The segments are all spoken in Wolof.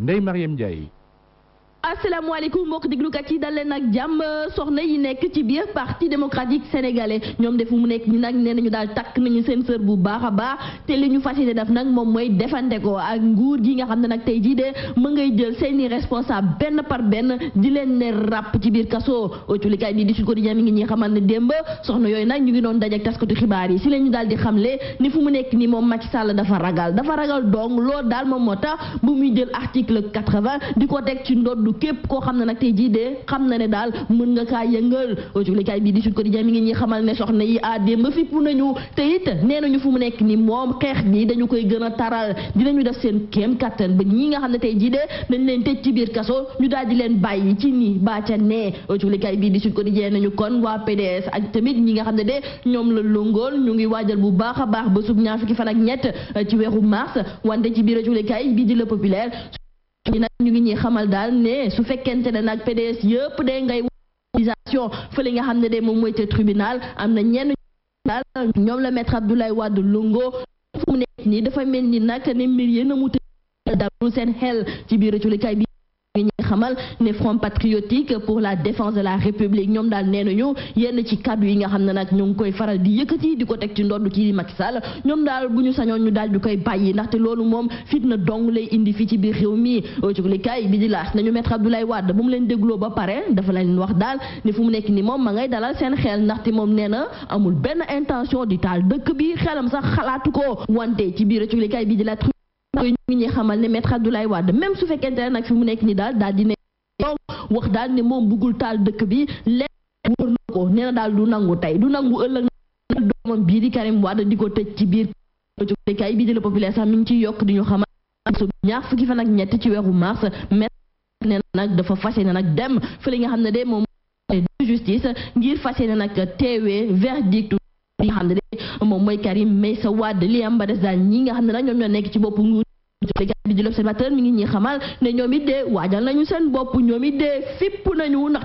Ndeye Marieme Ndiaye asalaamaaleykum mbokk déglukat yi dal leen ak jàmm soxna yi nekk ci biir parti démocratique sénégalais ñoom de fu mu nekk ñi nag nee nañu daal takk nañu seen sër bu baax a baax te li ñu fas yéene def nag moom mooy defante ak nguur gi nga xam ne nag tey jii de mën ngay jël seeni responsable benn par benn di leen ne ràpp ci biir kaso culikaay bi di Sud Quotidien mi ngi ñuy xamal ne démb soxna yooyu nag ñu ngi doon dajek taskatu xibaar yi si leen ñu daal di xamle ni fu mu nekk nii moom Macky Sall dafa ragal dafa ragal dong lool daal moom moo tax bu muy jël article 80 di ko teg ci ndodd loolu képp koo xam ne nag tey jii dee xam na ne daal mën nga kaa yëngal aujolikay bii di Sud Quotidien mi ngi ñuy xamal ne soxna yi a ah démb fippu nañu te it nee nañu fu mu nekk ni moom xeex bi dañu koy gën a dina dinañu def seen kéem kattan ba ñi nga xam ne tey jii dee dañ leen ci biir kaso ñu daal di leen bàyyi ci nii ba ca nee aujolikay bii di Sud Quotidien nañu kon waa PDS ak tamit ñi nga xam ne de ñoom la longool ñu ngi waajal bu baax a baax ba sub ñaar ki fan ak ñett ci weeru mars wante ci biir aujolikay bii di Le Populaire ñi nag ñu ngi ñuy xamal daal ne su fekkente ne nag PDS yëpp de ngay mobilisation fële nga xam ne de moom mooy te tribunal am na ñenn daal ñoom la maître Abdoulaye Wade Lungo fu mu nekk nii dafa mel ni nag ne mbir yéen a mu tëddal seen xel ci biir culikay bi ñu xamal ne front patriotique pour la défense de la république ñoom daal nee nañu yenn ci kàddu yi nga xam ne nag ñu ngi koy faral di yëkkati di ko teg ci ndodd kii di Macky ñoom daal bu ñu sañoon ñu daal di koy bàyyi ndaxte loolu moom fitna dong lay indi fii ci biir réew mi cukalikaay bi di laas nañu maître Abdoulaye Wade bu mu leen dégloo ba pare dafa leen wax daal ne fu mu nekk ni moom ma ngay dalal seen xel ndaxte moom nee na amul bi xelam ko wante ci biir cukalikaay bi ñu ngi xamal ne maître Abdoulaye Wade même su fekkente ne nag fi mu nekk ni daal daal di ne wax daal ne moom bëggul taal dëkk bi leen wër na ko nee na daal du nangu tey du nangu ëllëg doomam bii di Karim Wade di ko tëj ci biir kay bii di la populaire sax mi ngi ciy yokk di ñu xamal ñaar fukki fan ak ñett ci weeru mars maître nee nag dafa fas yéene nag dem fële nga xam ne de moom justice ngir fas yéene nag teewee verdict bi xam ne moom mooy Karim Meïssa Wade li am ba des daal ñi nga xam ne nag ñoom ñoo nekk ci bopp nguur bi di l'observateur mi ngi ñuy xamal ne ñoom it de waajal nañu seen bopp ñoom it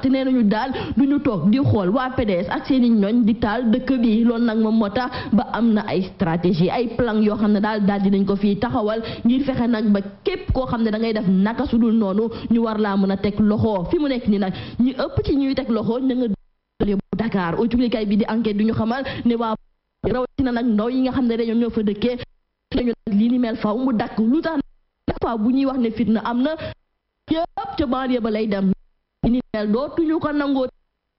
nee nañu daal du ñu toog di xool waa PDS ak seen i ñooñ di taal dëkk bi loolu nag moom moo tax ba am na ay stratégie ay plan yoo xam ne daal daal nañ ko fii taxawal ngir fexe nag ba képp koo xam ne dangay ngay def naka su dul noonu ñu war laa mën a teg loxo fi mu nekk nii nag ñu ëpp ci ñuy teg loxo bu Dakar au jublikaay bi di enquête du ñu xamal ne waa rawatina nag ndaw yi nga xam ne dañoo ñoo fa dëkkee dañu lii ni mel faw mu dakk lu tax chaque fois bu ñuy wax ne fitna am na yëpp ca banlieue ba lay dem li ni mel dootuñu ko nangoo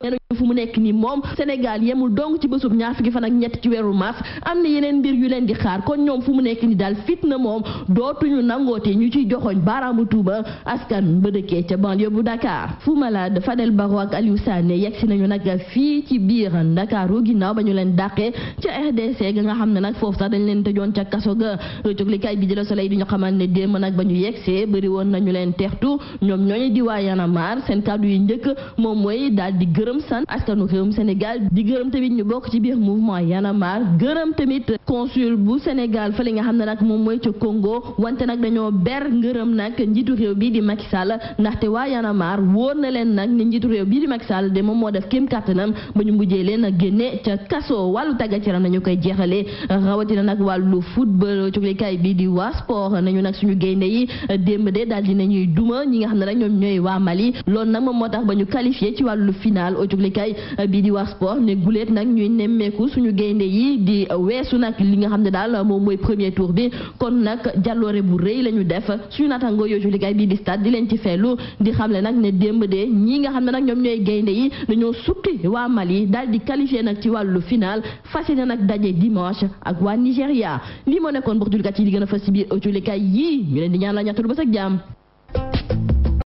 nenañu fu mu nekk nii moom Sénégal yemul dong ci bésub ñaar gi fan ak ñett ci weeru mars am na yeneen mbir yu leen di xaar kon ñoom fu mu nekk ni daal fitna moom dootuñu nangote ñu ciy joxoñ baaraamu tuuba askan ba dëkkee ca banlieue bu Dakar Fou Malade Fadel Barro ak Aliou Sané yegsi nañu nag fii ci biir Ndakaaru ginnaaw ba ñu leen dàqee ca RDC ga nga xam ne nag foofu sax dañ leen tëjoon ca kaso ga coglikaay bi di la soleil di ñu xamal ne démb nag ba ñu yegsee bëri woon nañu leen teextu ñoom ñooñu di waa Yanamar seen kaddu yi njëkk moom mooy daal di gërëm gërëm san askanu réewum Sénégal di gërëm tamit ñu bokk ci biir mouvement Y'en a marre gërëm tamit consul bu Sénégal fële nga xam ne nag moom mooy ca Congo wante nag dañoo ber ngërëm nag njiitu réew bi di Macky Sall ndaxte waa Y'en a marre wóor na leen nag ne njiitu réew bii di Macky Sall de moom moo def kéem kàttanam ba ñu mujjee leen a génne ca kaso wàllu tàggat yaram nañu koy jeexalee rawatina nag wàllu football cuglikaay bi di waa sport nañu nag suñu gaynde yi démb de daal dinañuy duma ñi nga xam ne nag ñoom ñooy waa Mali loolu nag moom moo tax ba ñu qualifié ci wàllu final journal au juglikaay eh, bi di wax sport ne guleet nag ñuy nemmeeku suñu gaynde yi di weesu nag li nga xam ne daal moom mooy premier tour bi kon nag jàlloore bu rëy la ñu def suñu naataango yoo juglikaay bii di stade di leen ci feelu di xam xamle nag ne démb de ñi nga xam ne nag ñoom ñooy gaynde yi dañoo sukki waa yi daal di qualifié nag ci wàllu final fas yéene nag daje dimanche ak waa Nigéria lii moo nekkoon mbokk jullikat yi di gën fas ci biir au jullikaay yii ñu leen di ñaan la jàmm